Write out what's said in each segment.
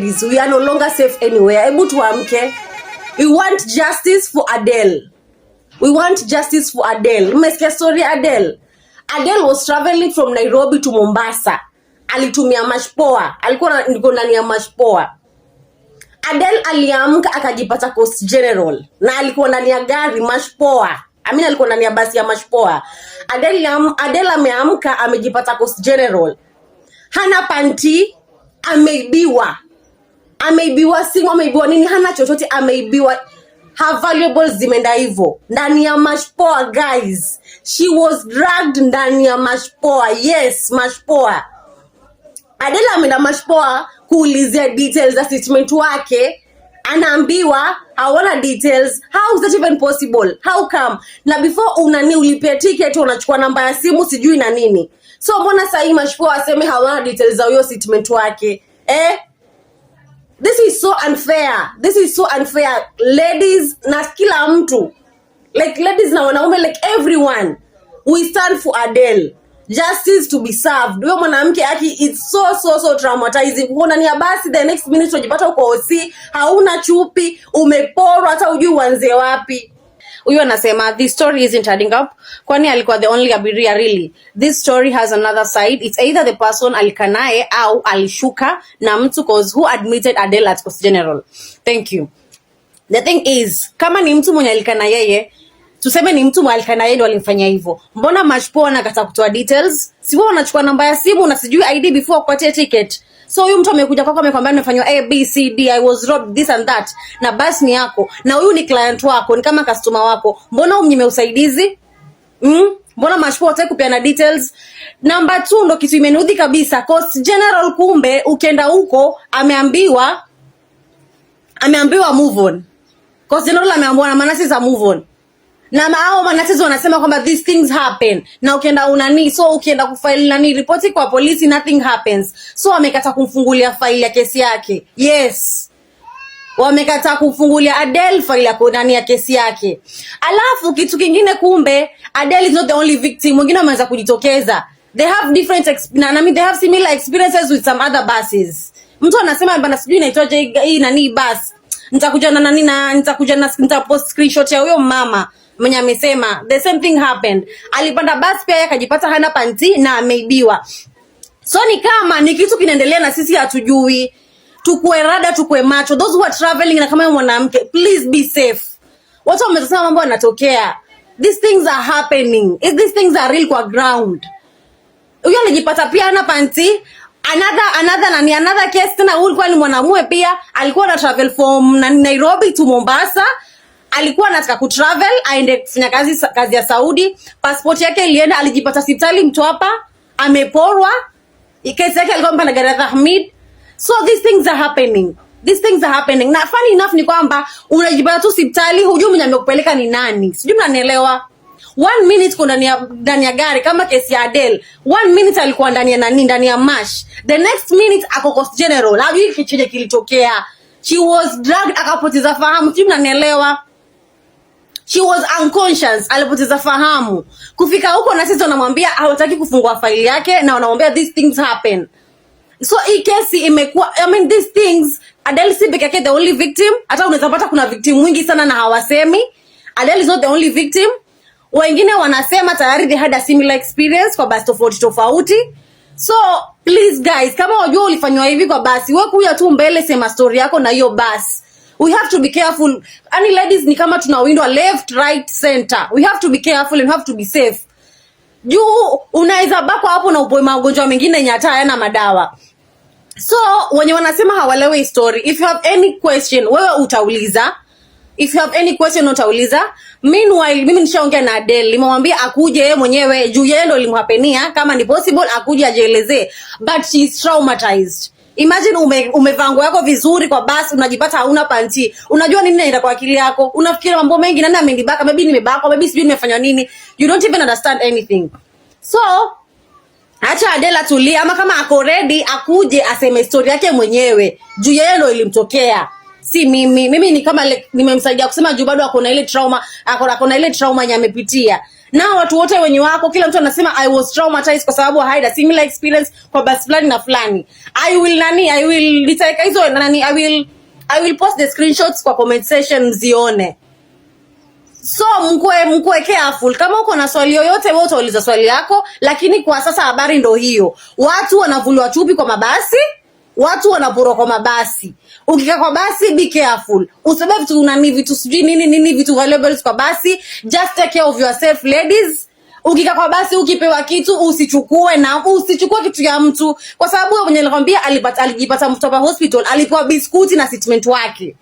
ladies, we are no longer safe anywhere. Hebu tuamke. We want justice for Adele. We want justice for Adele. Mmesikia story Adele? Adele was traveling from Nairobi to Mombasa. Alitumia mashpoa, alikuwa niko ndani ya mashpoa. Adele aliamka akajipata Coast General na alikuwa ndani ya gari mashpoa. Amina alikuwa ndani ya basi ya mashpoa. Adele, Adele ameamka amejipata Coast General, hana panti, ameibiwa ameibiwa simu, ameibiwa nini, hana chochote, ameibiwa her valuables zimeenda hivyo ndani ya mashpoa guys, she was dragged ndani ya mashpoa. Yes, mashpoa. Adela ameenda mashpoa kuulizia details za statement wake, anaambiwa hawana details. How is that even possible? How come? Na before unani ulipia ticket unachukua namba ya simu sijui na nini, so mbona sahii mashpoa aseme hawana details za huyo statement wake eh? this is so unfair, this is so unfair ladies na kila mtu like ladies na wanaume like everyone we stand for Adele justice to be served. Huyo mwanamke aki it's so so so traumatizing. Unania basi the next minute unajipata uko hosi, hauna chupi, umeporwa, hata hujui uanze wapi. Huyu anasema the story isn't adding up, kwani alikuwa the only abiria really. This story has another side, it's either the person alikanaye au alishuka na mtu cause who admitted Adele at Coast General. Thank you. The thing is, kama ni mtu mwenye alikana yeye tuseme ni mtu mwalika na yeye ndo alimfanya hivyo, mbona Mashpo anakata kutoa details? Si wanachukua namba ya simu na sijui ID before akupatie ticket. So huyu mtu amekuja kwako amekwambia nimefanywa A B C D, I was robbed this and that, na basi ni yako, na huyu ni client wako, ni kama customer wako, mbona umnyime usaidizi? Mm? Mbona mashpo hutaki kupeana details? Number 2 ndo kitu imenudhi kabisa. Coast General kumbe ukienda huko ameambiwa ameambiwa move on. Coast General ameambiwa na manasi za move on na hao manatezo wanasema kwamba these things happen, na ukienda unani, so ukienda kufaili nani ripoti kwa polisi nothing happens, so wamekata kumfungulia faili ya kesi yake. Yes, wamekata kumfungulia Adele faili ya nani ya kesi yake. Alafu kitu kingine, kumbe Adele is not the only victim, wengine wameanza kujitokeza. They have different na I they have similar experiences with some other buses. Mtu anasema bana, sijui inaitwaje hii nani bus, nitakuja na nani na nitakuja na post screenshot ya huyo mama mwenye amesema the same thing happened. Alipanda basi pia akajipata hana panti na ameibiwa. So ni kama ni kitu kinaendelea na sisi hatujui. Tukue rada, tukue macho. Those who are traveling, na kama mwanamke, please be safe. Watu wametasema mambo yanatokea. These things are happening. If these things are real kwa ground. Huyo alijipata pia hana panti. Another another nani another case tena, ulikuwa ni mwanamume pia alikuwa na travel from Nairobi to Mombasa alikuwa anataka ku travel aende kufanya kazi, kazi ya Saudi. Passport yake ilienda, alijipata hospitali mtu hapa ameporwa. Kesi yake alikuwa mpanda Gadatha Hamid. So these things are happening, these things are happening. Na funny enough ni kwamba unajipata tu hospitali, hujui mwenye amekupeleka ni nani, sijui mnanielewa. One minute ko ndani ya gari kama kesi ya Adele. One minute alikuwa ndani ya nani, ndani ya mash, the next minute ako Coast General, hajui chenye kilitokea. She was dragged akapoteza fahamu, sijui mnanielewa. She was unconscious, alipoteza fahamu. Kufika huko na sisi wanamwambia hawataki kufungua faili yake na wanamwambia these things happen. So hii kesi imekuwa I mean these things Adele si peke yake the only victim. Hata unaweza pata kuna victim wingi sana na hawasemi. Adele is not the only victim. Wengine wanasema tayari they had a similar experience kwa basi tofauti tofauti. So please guys, kama wajua ulifanywa hivi kwa basi, wewe kuja tu mbele, sema story yako na hiyo basi we have to be careful. Any ladies ni kama tunawindwa left, right, center. We have to be careful and have to be safe. Juu unaweza bako hapo na upoe magonjwa mengine yenye hata hayana madawa. So wenye wanasema hawalewe story. If you have any question, wewe utauliza. If you have any question utauliza. Meanwhile, mimi nishaongea na Adele, nimemwambia akuje yeye mwenyewe juu yeye ndo limhapenia, kama ni possible akuje ajielezee, but she is traumatized. Imagine ume, umevaa nguo yako vizuri kwa basi unajipata hauna panti. Unajua nini naenda kwa akili yako? Unafikiria mambo mengi, nani amenibaka? Maybe nimebakwa, maybe sijui nimefanywa nini. You don't even understand anything. So acha Adela tulia, ama kama ako ready akuje aseme story yake mwenyewe juu yeye ndo ilimtokea si mimi. Mimi ni kama nimemsaidia kusema juu bado akona ile trauma, akona akona ile trauma yenye amepitia. Na watu wote wenye wako, kila mtu anasema I was traumatized kwa sababu haida similar experience kwa basi fulani na fulani. I will nani, I will nitaweka hizo nani, I will I will post the screenshots kwa comment section mzione. So mkuwe mkuwe careful. Kama uko na swali yoyote, wewe utauliza swali yako, lakini kwa sasa habari ndo hiyo, watu wanavuliwa chupi kwa mabasi watu wanaporwa kwa mabasi. Ukikaa kwa basi, be careful, usibebe vitu nani, vitu sijui nini nini, vitu valuables kwa basi. Just take care of yourself ladies. Ukikaa kwa basi, ukipewa kitu usichukue, na usichukue kitu ya mtu, kwa sababu yeye mwenyewe alikwambia alipata, alijipata mtu hapa hospital, alipewa biskuti na statement wake,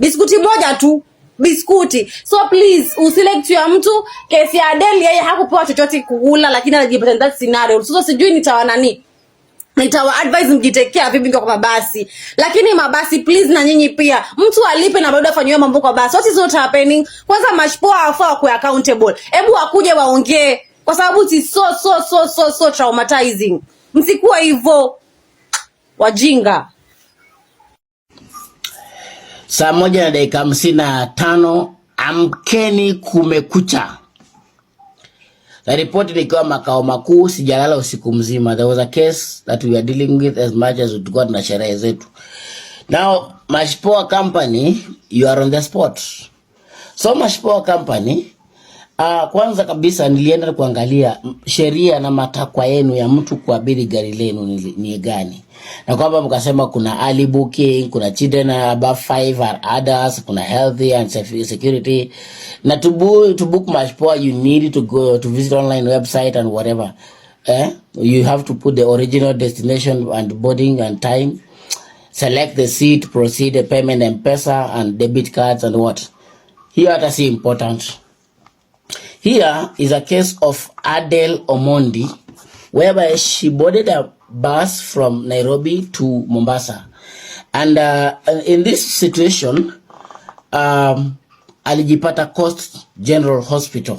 biskuti moja tu biskuti so please, usile kitu ya mtu. Kesi ya Adele, yeye hakupewa chochote kukula, lakini alijipata that scenario. So sijui nitawa nani Nitawa advise mjitekea vipi kwa mabasi. Lakini mabasi please na nyinyi pia. Mtu alipe na bado afanywe mambo kwa basi. What is not happening? Kwanza mashpo hawafaa kuwa accountable. Hebu wakuje waongee kwa sababu si so so so so so traumatizing. Msikuwa hivyo. Wajinga. Saa moja na dakika hamsini na tano amkeni kumekucha. The report ilikuwa makao makuu, sijalala usiku mzima. There was a case that we are dealing with as much as tulikuwa tuna sherehe zetu. Now, Mashpoa Company, you are on the spot. So Mashpoa Company Uh, kwanza kabisa nilienda kuangalia sheria na matakwa yenu ya mtu kuabiri gari lenu ni, ni gani, na kwamba mkasema kuna early booking, kuna children above five or adults, kuna health and security na to book, to book much poor you need to go to visit online website and whatever eh? You have to put the original destination and boarding and time, select the seat, proceed the payment, M-Pesa and debit cards and what. Hiyo hata si important Here is a case of Adele Omondi whereby she boarded a bus from Nairobi to Mombasa and uh, in this situation um, alijipata Coast General Hospital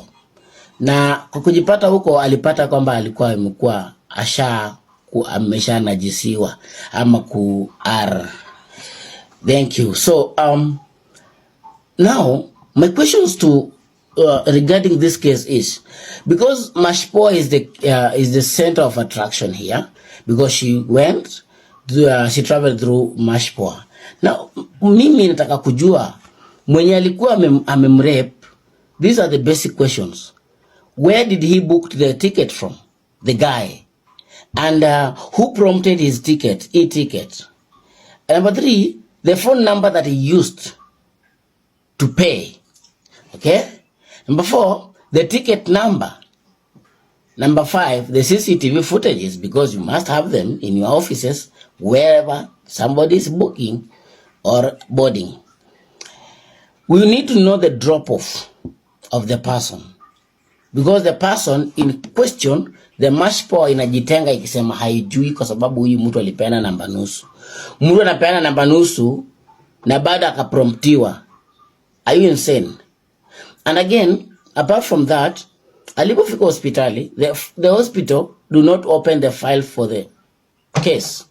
na kwa kujipata huko alipata kwamba alikuwa amekuwa asha ameshanajisiwa ama ku R. Thank you. So um, now my questions to Uh, regarding this case is because Mashpoa is the uh, is the center of attraction here because she went to, uh, she traveled through Mashpoa. Now mimi nataka kujua mwenye alikuwa amemrep These are the basic questions. Where did he book the ticket from? The guy and uh, who prompted his ticket e ticket. Number three, the phone number that he used to pay. Okay. Number four, the ticket number. Number five, the CCTV footages because you must have them in your offices wherever somebody is booking or boarding. We need to know the drop-off of the person because the person in question the mashpo inajitenga ikisema haijui kwa sababu huyu mtu alipeana namba nusu. Mtu anapeana namba nusu na baada akapromptiwa. Are you insane? And again, apart from that, alipofika hospitali, the, the hospital do not open the file for the case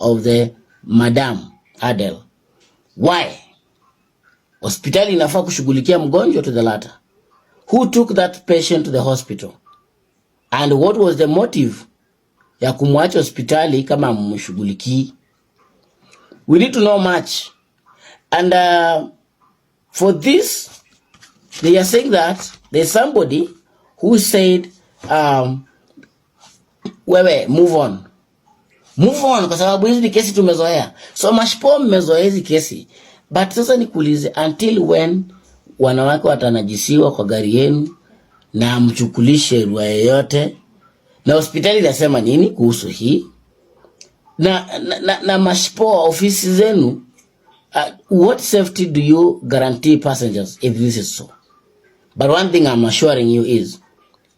of the Madam Adel. Why? Hospitali inafaa kushughulikia mgonjwa to the latter. Who took that patient to the hospital? And what was the motive ya kumwacha hospitali kama mshughulikii? We need to know much. And uh, for this They are saying that there's somebody who said um, wewe move on move on, kwa sababu hizi kesi tumezoea, so mashpo, mmezoea hizi kesi but sasa nikuulize, until when wanawake watanajisiwa kwa gari yenu na mchukulishe rua yoyote, na hospitali inasema nini kuhusu hii na, na, na, na mashpo ofisi zenu? Uh, what safety do you guarantee passengers if this is so? But one thing I'm assuring you is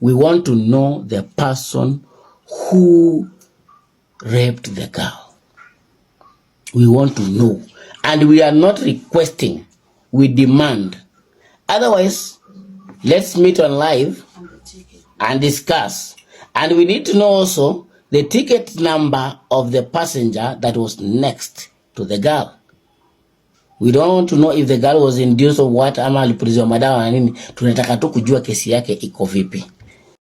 we want to know the person who raped the girl. We want to know. And we are not requesting, we demand. Otherwise, let's meet on live and discuss. And we need to know also the ticket number of the passenger that was next to the girl. We don't to know if the girl was induced or what ama alipuliziwa madawa na nini. Tunataka tu kujua kesi yake iko vipi.